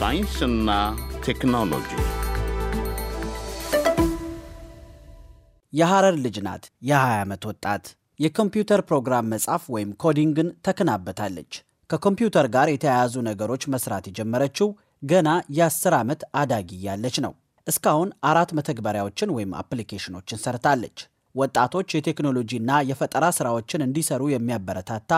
ሳይንስና ቴክኖሎጂ የሐረር ልጅ ናት። የ20 ዓመት ወጣት የኮምፒውተር ፕሮግራም መጻፍ ወይም ኮዲንግን ተከናበታለች። ከኮምፒውተር ጋር የተያያዙ ነገሮች መስራት የጀመረችው ገና የ10 ዓመት አዳጊ ያለች ነው። እስካሁን አራት መተግበሪያዎችን ወይም አፕሊኬሽኖችን ሰርታለች። ወጣቶች የቴክኖሎጂና የፈጠራ ስራዎችን እንዲሰሩ የሚያበረታታ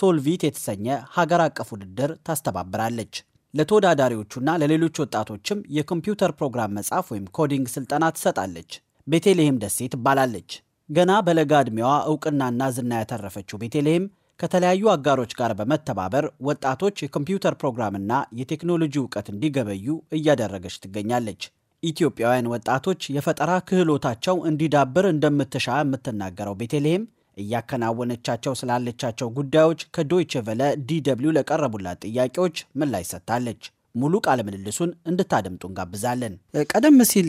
ሶልቪት የተሰኘ ሀገር አቀፍ ውድድር ታስተባብራለች። ለተወዳዳሪዎቹና ለሌሎች ወጣቶችም የኮምፒውተር ፕሮግራም መጻፍ ወይም ኮዲንግ ስልጠና ትሰጣለች። ቤቴልሔም ደሴ ትባላለች። ገና በለጋ ዕድሜዋ እውቅናና ዝና ያተረፈችው ቤቴልሔም ከተለያዩ አጋሮች ጋር በመተባበር ወጣቶች የኮምፒውተር ፕሮግራምና የቴክኖሎጂ እውቀት እንዲገበዩ እያደረገች ትገኛለች። ኢትዮጵያውያን ወጣቶች የፈጠራ ክህሎታቸው እንዲዳብር እንደምትሻ የምትናገረው ቤቴልሔም እያከናወነቻቸው ስላለቻቸው ጉዳዮች ከዶይቸ ቨለ ለቀረቡላት ጥያቄዎች ምላሽ ሰጥታለች። ሙሉ ቃለ ምልልሱን እንድታደምጡ እንጋብዛለን። ቀደም ሲል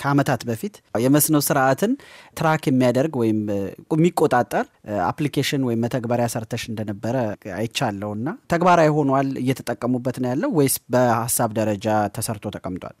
ከዓመታት በፊት የመስኖ ስርዓትን ትራክ የሚያደርግ ወይም የሚቆጣጠር አፕሊኬሽን ወይም መተግበሪያ ሰርተሽ እንደነበረ አይቻለው እና ተግባራዊ ሆኗል? እየተጠቀሙበት ነው ያለው ወይስ በሀሳብ ደረጃ ተሰርቶ ተቀምጧል?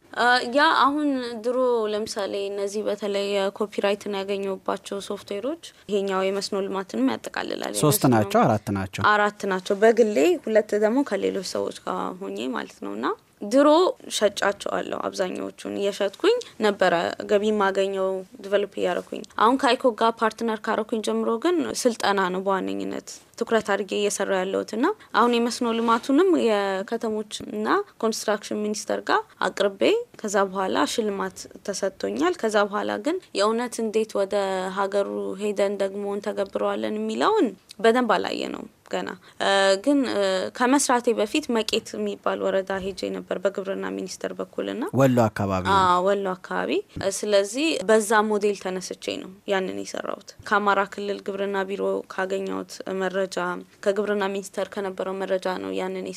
ያ አሁን ድሮ ለምሳሌ እነዚህ በተለይ ኮፒራይትን ያገኘባቸው ሶፍትዌሮች ይሄኛው የመስኖ ልማትንም ያጠቃልላል። ሶስት ናቸው አራት ናቸው አራት ናቸው። በግሌ ሁለት ደግሞ ከሌሎች ሰዎች ጋር ሆኜ ማለት ነው ነው እና ድሮ ሸጫቸዋለሁ አብዛኛዎቹን እየሸጥኩኝ ነበረ ገቢ ማገኘው ዲቨሎፕ እያረኩኝ። አሁን ከአይኮ ጋር ፓርትነር ካረኩኝ ጀምሮ ግን ስልጠና ነው በዋነኝነት ትኩረት አድርጌ እየሰራ ያለሁት ና አሁን የመስኖ ልማቱንም የከተሞች እና ኮንስትራክሽን ሚኒስቴር ጋር አቅርቤ ከዛ በኋላ ሽልማት ተሰጥቶኛል። ከዛ በኋላ ግን የእውነት እንዴት ወደ ሀገሩ ሄደን ደግሞ እንተገብረዋለን የሚለውን በደንብ አላየ ነው ገና ግን ከመስራቴ በፊት መቄት የሚባል ወረዳ ሄጄ ነበር በግብርና ሚኒስቴር ና ወሎ አካባቢ ወሎ አካባቢ። ስለዚህ በዛ ሞዴል ተነስቼ ነው ያንን የሰራሁት። ከአማራ ክልል ግብርና ቢሮ ካገኘሁት መረጃ ከግብርና ሚኒስቴር ከነበረው መረጃ ነው ያንን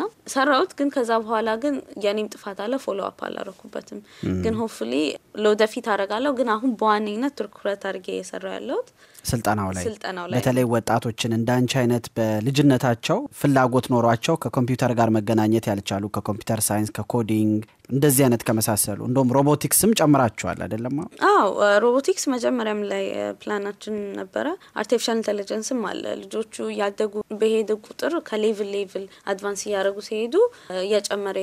ና ሰራሁት። ግን ከዛ በኋላ ግን የኔም ጥፋት አለ፣ ፎሎ አፕ አላረኩበትም። ግን ሆፍሊ ለወደፊት አረጋለሁ። ግን አሁን በዋነኝነት ትኩረት አድርጌ የሰራ ያለሁት ስልጠናው ላይ ስልጠናው ላይ በተለይ ወጣቶችን እንዳንቺ አይነት በልጅነታቸው ፍላጎት ኖሯቸው ከኮምፒውተር ጋር መገናኘት ያልቻሉ ከኮምፒውተር ሳይንስ ከኮዲንግ እንደዚህ አይነት ከመሳሰሉ እንደም ሮቦቲክስም ጨምራችኋል አደለም አዎ ሮቦቲክስ መጀመሪያም ላይ ፕላናችን ነበረ። አርቲፊሻል ኢንቴሊጀንስም አለ። ልጆቹ ያደጉ በሄደ ቁጥር ከሌቭል ሌቭል አድቫንስ እያደረጉ ሲሄዱ እየጨመረ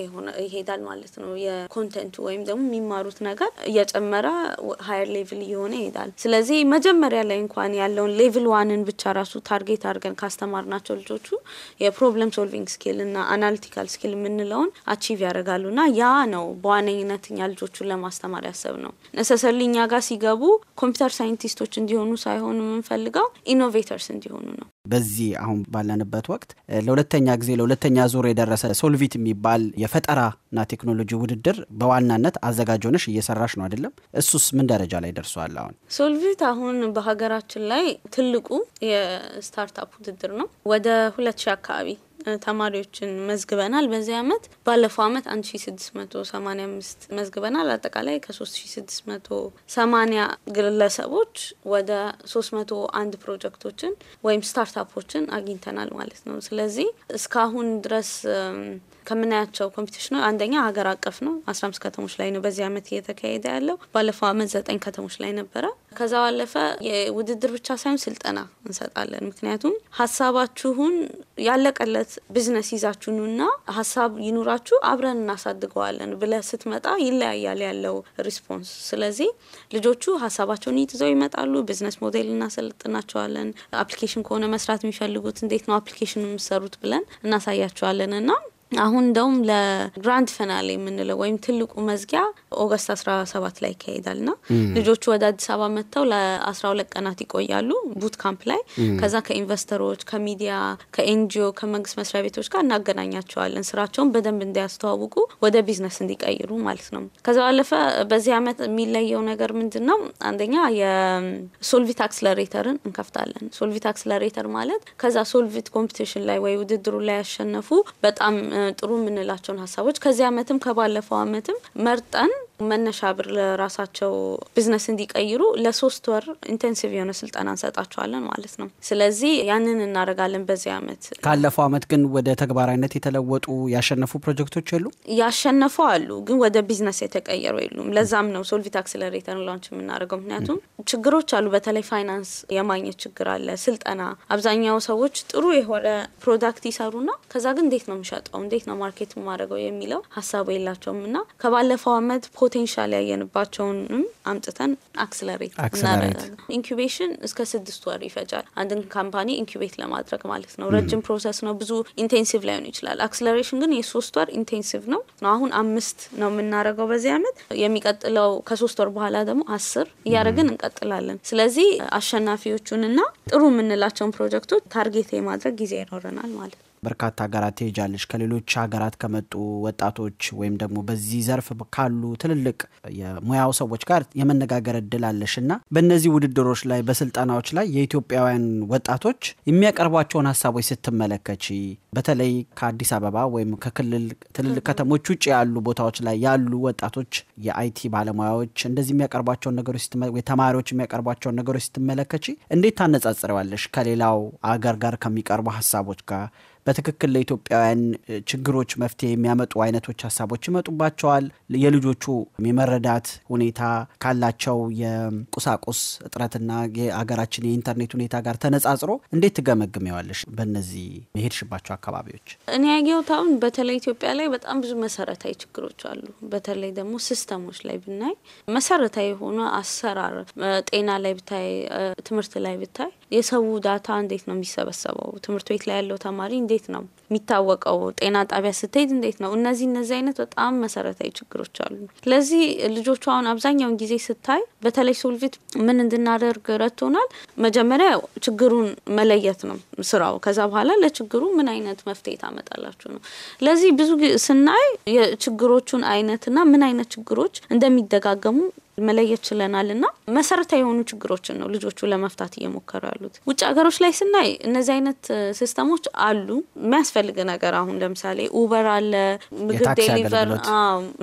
ይሄዳል ማለት ነው። የኮንቴንቱ ወይም ደግሞ የሚማሩት ነገር እየጨመረ ሀየር ሌቭል እየሆነ ይሄዳል። ስለዚህ መጀመሪያ ላይ እንኳን ያለውን ሌቭል ዋንን ብቻ ራሱ ታርጌት አድርገን ካስተማር ናቸው ልጆቹ የፕሮብለም ሶልቪንግ ስኪል እና አናሊቲካል ስኪል የምንለውን አቺቭ ያደረጋሉ ና ያ ነው በዋነኝነት እኛ ልጆቹን ለማስተማር ያሰብ ነው። ነሰሰርሊ እኛ ጋር ሲገቡ ኮምፒውተር ሳይንቲስቶች እንዲሆኑ ሳይሆኑ የምንፈልገው ኢኖቬተርስ እንዲሆኑ ነው። በዚህ አሁን ባለንበት ወቅት ለሁለተኛ ጊዜ ለሁለተኛ ዙር የደረሰ ሶልቪት የሚባል የፈጠራና ቴክኖሎጂ ውድድር በዋናነት አዘጋጅ ሆነሽ እየሰራሽ ነው አይደለም? እሱስ ምን ደረጃ ላይ ደርሷል? አሁን ሶልቪት አሁን በሀገራችን ላይ ትልቁ የስታርታፕ ውድድር ነው። ወደ ሁለት ሺ አካባቢ ተማሪዎችን መዝግበናል። በዚህ አመት ባለፈው አመት 1685 መዝግበናል። አጠቃላይ ከ3680 ግለሰቦች ወደ 301 ፕሮጀክቶችን ወይም ስታርታፖችን አግኝተናል ማለት ነው። ስለዚህ እስካሁን ድረስ ከምናያቸው ኮምፒቲሽኖች አንደኛ ሀገር አቀፍ ነው። አስራ አምስት ከተሞች ላይ ነው በዚህ አመት እየተካሄደ ያለው። ባለፈው አመት ዘጠኝ ከተሞች ላይ ነበረ። ከዛ ባለፈ የውድድር ብቻ ሳይሆን ስልጠና እንሰጣለን። ምክንያቱም ሀሳባችሁን ያለቀለት ቢዝነስ ይዛችሁኑና ሀሳብ ይኑራችሁ አብረን እናሳድገዋለን ብለ ስትመጣ ይለያያል ያለው ሪስፖንስ። ስለዚህ ልጆቹ ሀሳባቸውን ይዘው ይመጣሉ። ቢዝነስ ሞዴል እናሰልጥናቸዋለን። አፕሊኬሽን ከሆነ መስራት የሚፈልጉት እንዴት ነው አፕሊኬሽን የምሰሩት ብለን እናሳያቸዋለን እና አሁን እንደውም ለግራንድ ፈናሌ የምንለው ወይም ትልቁ መዝጊያ ኦገስት 17 ሰባት ላይ ይካሄዳል ና ልጆቹ ወደ አዲስ አበባ መጥተው ለ12 ቀናት ይቆያሉ ቡት ካምፕ ላይ። ከዛ ከኢንቨስተሮች፣ ከሚዲያ፣ ከኤንጂኦ፣ ከመንግስት መስሪያ ቤቶች ጋር እናገናኛቸዋለን ስራቸውን በደንብ እንዲያስተዋውቁ ወደ ቢዝነስ እንዲቀይሩ ማለት ነው። ከዛ ባለፈ በዚህ አመት የሚለየው ነገር ምንድን ነው? አንደኛ የሶልቪት አክስለሬተርን እንከፍታለን። ሶልቪት አክስለሬተር ማለት ከዛ ሶልቪት ኮምፒቲሽን ላይ ወይ ውድድሩ ላይ ያሸነፉ በጣም ጥሩ የምንላቸውን ሀሳቦች ከዚህ አመትም ከባለፈው አመትም መርጠን መነሻ ብር ለራሳቸው ቢዝነስ እንዲቀይሩ ለሶስት ወር ኢንቴንሲቭ የሆነ ስልጠና እንሰጣቸዋለን ማለት ነው። ስለዚህ ያንን እናደርጋለን በዚህ አመት። ካለፈው አመት ግን ወደ ተግባራዊነት የተለወጡ ያሸነፉ ፕሮጀክቶች የሉ ያሸነፉ አሉ፣ ግን ወደ ቢዝነስ የተቀየሩ የሉም። ለዛም ነው ሶልቪት አክስለሬተር ላውንች የምናደርገው። ምክንያቱም ችግሮች አሉ። በተለይ ፋይናንስ የማግኘት ችግር አለ። ስልጠና አብዛኛው ሰዎች ጥሩ የሆነ ፕሮዳክት ይሰሩና ከዛ ግን እንዴት ነው የሚሸጠው እንዴት ነው ማርኬት ማድረገው የሚለው ሀሳቡ የላቸውም እና ከባለፈው አመት ፖቴንሻል ያየንባቸውንም አምጥተን አክስለሬት እናረጋለን። ኢንኩቤሽን እስከ ስድስት ወር ይፈጃል አንድን ካምፓኒ ኢንኩቤት ለማድረግ ማለት ነው። ረጅም ፕሮሰስ ነው፣ ብዙ ኢንቴንሲቭ ላይሆን ይችላል። አክስለሬሽን ግን የሶስት ወር ኢንቴንሲቭ ነው። አሁን አምስት ነው የምናደርገው በዚህ አመት። የሚቀጥለው ከሶስት ወር በኋላ ደግሞ አስር እያደረግን እንቀጥላለን። ስለዚህ አሸናፊዎቹንና ጥሩ የምንላቸውን ፕሮጀክቶች ታርጌት የማድረግ ጊዜ ይኖረናል ማለት ነው። በርካታ ሀገራት ትሄጃለች። ከሌሎች ሀገራት ከመጡ ወጣቶች ወይም ደግሞ በዚህ ዘርፍ ካሉ ትልልቅ የሙያው ሰዎች ጋር የመነጋገር እድል አለሽ እና በእነዚህ ውድድሮች ላይ በስልጠናዎች ላይ የኢትዮጵያውያን ወጣቶች የሚያቀርቧቸውን ሀሳቦች ስትመለከች በተለይ ከአዲስ አበባ ወይም ከክልል ትልልቅ ከተሞች ውጭ ያሉ ቦታዎች ላይ ያሉ ወጣቶች የአይቲ ባለሙያዎች እንደዚህ የሚያቀርቧቸውን ነገሮች ተማሪዎች የሚያቀርቧቸውን ነገሮች ስትመለከች እንዴት ታነጻጽረዋለሽ ከሌላው አገር ጋር ከሚቀርቡ ሀሳቦች ጋር? በትክክል ለኢትዮጵያውያን ችግሮች መፍትሄ የሚያመጡ አይነቶች ሀሳቦች ይመጡባቸዋል። የልጆቹ የመረዳት ሁኔታ ካላቸው የቁሳቁስ እጥረትና የሀገራችን የኢንተርኔት ሁኔታ ጋር ተነጻጽሮ እንዴት ትገመግሚዋለሽ? በእነዚህ መሄድሽባቸው አካባቢዎች እኔ ያየሁት አሁን በተለይ ኢትዮጵያ ላይ በጣም ብዙ መሰረታዊ ችግሮች አሉ። በተለይ ደግሞ ሲስተሞች ላይ ብናይ መሰረታዊ የሆነ አሰራር ጤና ላይ ብታይ፣ ትምህርት ላይ ብታይ የሰው ዳታ እንዴት ነው የሚሰበሰበው? ትምህርት ቤት ላይ ያለው ተማሪ እንዴት ነው የሚታወቀው? ጤና ጣቢያ ስትሄድ እንዴት ነው? እነዚህ እነዚህ አይነት በጣም መሰረታዊ ችግሮች አሉ። ስለዚህ ልጆቹ አሁን አብዛኛውን ጊዜ ስታይ በተለይ ሶልቪት ምን እንድናደርግ ረቶናል? መጀመሪያ ችግሩን መለየት ነው ስራው። ከዛ በኋላ ለችግሩ ምን አይነት መፍትሄ ታመጣላችሁ ነው። ለዚህ ብዙ ስናይ የችግሮቹን አይነትና ምን አይነት ችግሮች እንደሚደጋገሙ መለየት ችለናል እና መሰረታዊ የሆኑ ችግሮችን ነው ልጆቹ ለመፍታት እየሞከሩ ያሉት። ውጭ ሀገሮች ላይ ስናይ እነዚህ አይነት ሲስተሞች አሉ። የሚያስፈልግ ነገር አሁን ለምሳሌ ኡበር አለ፣ ምግብ ዴሊቨር፣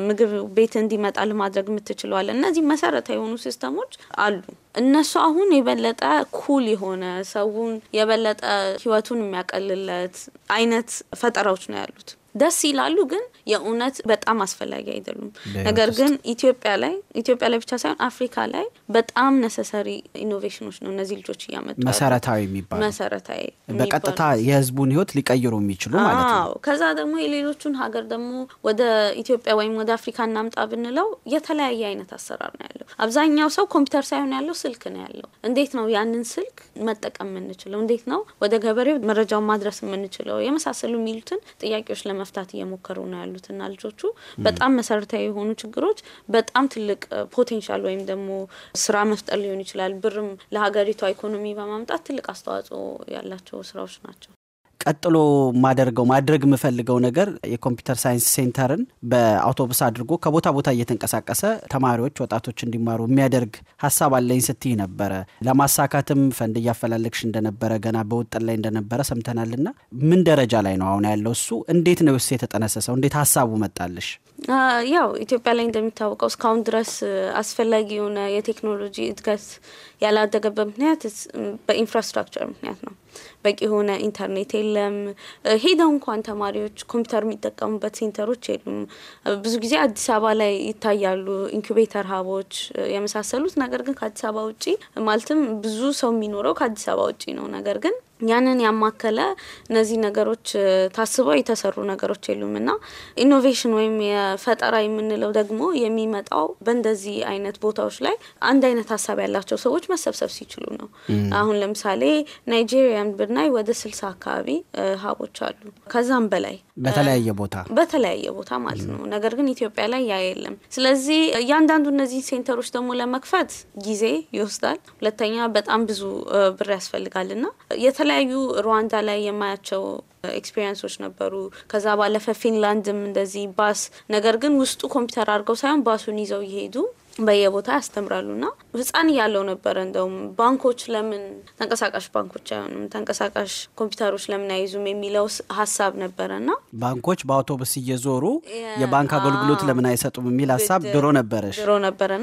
ምግብ ቤት እንዲመጣ ለማድረግ የምትችለዋለ። እነዚህ መሰረታዊ የሆኑ ሲስተሞች አሉ። እነሱ አሁን የበለጠ ኩል የሆነ ሰውን የበለጠ ህይወቱን የሚያቀልለት አይነት ፈጠራዎች ነው ያሉት። ደስ ይላሉ ግን የእውነት በጣም አስፈላጊ አይደሉም። ነገር ግን ኢትዮጵያ ላይ ኢትዮጵያ ላይ ብቻ ሳይሆን አፍሪካ ላይ በጣም ነሰሰሪ ኢኖቬሽኖች ነው እነዚህ ልጆች እያመጡ መሰረታዊ የሚባሉ መሰረታዊ በቀጥታ የህዝቡን ህይወት ሊቀይሩ የሚችሉ ማለት ነው። ከዛ ደግሞ የሌሎቹን ሀገር ደግሞ ወደ ኢትዮጵያ ወይም ወደ አፍሪካ እናምጣ ብንለው የተለያየ አይነት አሰራር ነው ያለው። አብዛኛው ሰው ኮምፒውተር ሳይሆን ያለው ስልክ ነው ያለው። እንዴት ነው ያንን ስልክ መጠቀም የምንችለው? እንዴት ነው ወደ ገበሬው መረጃውን ማድረስ የምንችለው? የመሳሰሉ የሚሉትን ጥያቄዎች ለመፍታት እየሞከሩ ነው ያሉ ያሉትና ልጆቹ በጣም መሰረታዊ የሆኑ ችግሮች በጣም ትልቅ ፖቴንሻል ወይም ደግሞ ስራ መፍጠር ሊሆን ይችላል፣ ብርም ለሀገሪቷ ኢኮኖሚ በማምጣት ትልቅ አስተዋጽኦ ያላቸው ስራዎች ናቸው። ቀጥሎ ማደርገው ማድረግ የምፈልገው ነገር የኮምፒውተር ሳይንስ ሴንተርን በአውቶቡስ አድርጎ ከቦታ ቦታ እየተንቀሳቀሰ ተማሪዎች፣ ወጣቶች እንዲማሩ የሚያደርግ ሀሳብ አለኝ ስትይ ነበረ። ለማሳካትም ፈንድ እያፈላለግሽ እንደነበረ ገና በውጥን ላይ እንደነበረ ሰምተናልና ምን ደረጃ ላይ ነው አሁን ያለው? እሱ እንዴት ነው ስ የተጠነሰሰው? እንዴት ሀሳቡ መጣልሽ? ያው ኢትዮጵያ ላይ እንደሚታወቀው እስካሁን ድረስ አስፈላጊ የሆነ የቴክኖሎጂ እድገት ያላደገበት ምክንያት በኢንፍራስትራክቸር ምክንያት ነው። በቂ የሆነ ኢንተርኔት የለም። ሄደው እንኳን ተማሪዎች ኮምፒውተር የሚጠቀሙበት ሴንተሮች የሉም። ብዙ ጊዜ አዲስ አበባ ላይ ይታያሉ ኢንኩቤተር ሀቦች የመሳሰሉት። ነገር ግን ከአዲስ አበባ ውጪ ማለትም ብዙ ሰው የሚኖረው ከአዲስ አበባ ውጪ ነው። ነገር ግን ያንን ያማከለ እነዚህ ነገሮች ታስበው የተሰሩ ነገሮች የሉም እና ኢኖቬሽን ወይም የፈጠራ የምንለው ደግሞ የሚመጣው በእንደዚህ አይነት ቦታዎች ላይ አንድ አይነት ሀሳብ ያላቸው ሰዎች መሰብሰብ ሲችሉ ነው። አሁን ለምሳሌ ናይጄሪያን ብናይ ወደ ስልሳ አካባቢ ሀቦች አሉ ከዛም በላይ በተለያየ ቦታ በተለያየ ቦታ ማለት ነው። ነገር ግን ኢትዮጵያ ላይ ያ የለም። ስለዚህ እያንዳንዱ እነዚህ ሴንተሮች ደግሞ ለመክፈት ጊዜ ይወስዳል። ሁለተኛ በጣም ብዙ ብር ያስፈልጋል ና የተለያዩ ሩዋንዳ ላይ የማያቸው ኤክስፔሪንሶች uh, ነበሩ። ከዛ ባለፈ ፊንላንድም እንደዚህ ባስ ነገር ግን ውስጡ ኮምፒውተር አድርገው ሳይሆን ባሱን ይዘው እየሄዱ በየቦታ ና ህፃን እያለው ነበረ። እንደውም ባንኮች ለምን ተንቀሳቃሽ ባንኮች አይሆኑም፣ ተንቀሳቃሽ ኮምፒውተሮች ለምን አይዙም የሚለው ሀሳብ ና ባንኮች በአውቶቡስ እየዞሩ የባንክ አገልግሎት ለምን አይሰጡም የሚል ሀሳብ ድሮ ነበረሽ ድሮ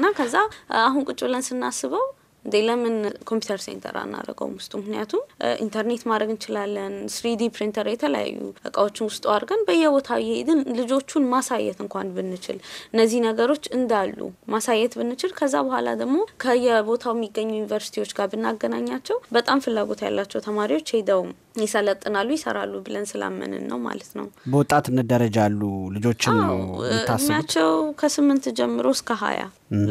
ና ከዛ uh, አሁን ቁጭ ብለን ስናስበው እንዴ ለምን ኮምፒውተር ሴንተር አናደርገውም ውስጡ? ምክንያቱም ኢንተርኔት ማድረግ እንችላለን። ስሪዲ ፕሪንተር፣ የተለያዩ እቃዎችን ውስጡ አድርገን በየቦታው እየሄድን ልጆቹን ማሳየት እንኳን ብንችል እነዚህ ነገሮች እንዳሉ ማሳየት ብንችል፣ ከዛ በኋላ ደግሞ ከየቦታው የሚገኙ ዩኒቨርሲቲዎች ጋር ብናገናኛቸው በጣም ፍላጎት ያላቸው ተማሪዎች ሄደውም ይሰለጥናሉ፣ ይሰራሉ ብለን ስላመንን ነው ማለት ነው። በወጣትነት ደረጃ ያሉ ልጆችን ነው እድሜያቸው ከስምንት ጀምሮ እስከ ሀያ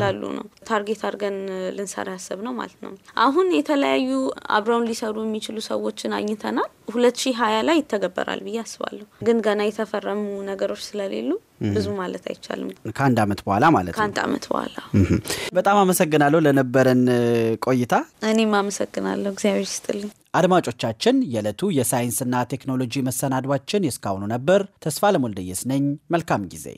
ላሉ ነው ታርጌት አድርገን ልንሰራ ያሰብ ነው ማለት ነው። አሁን የተለያዩ አብረውን ሊሰሩ የሚችሉ ሰዎችን አግኝተናል። ሁለት ሺህ ሀያ ላይ ይተገበራል ብዬ አስባለሁ። ግን ገና የተፈረሙ ነገሮች ስለሌሉ ብዙ ማለት አይቻልም። ከአንድ አመት በኋላ ማለት ነው። ከአንድ አመት በኋላ በጣም አመሰግናለሁ ለነበረን ቆይታ። እኔም አመሰግናለሁ። እግዚአብሔር ይስጥልኝ። አድማጮቻችን፣ የዕለቱ የሳይንስና ቴክኖሎጂ መሰናዷችን የእስካሁኑ ነበር። ተስፋ ለሞልደየስ ነኝ። መልካም ጊዜ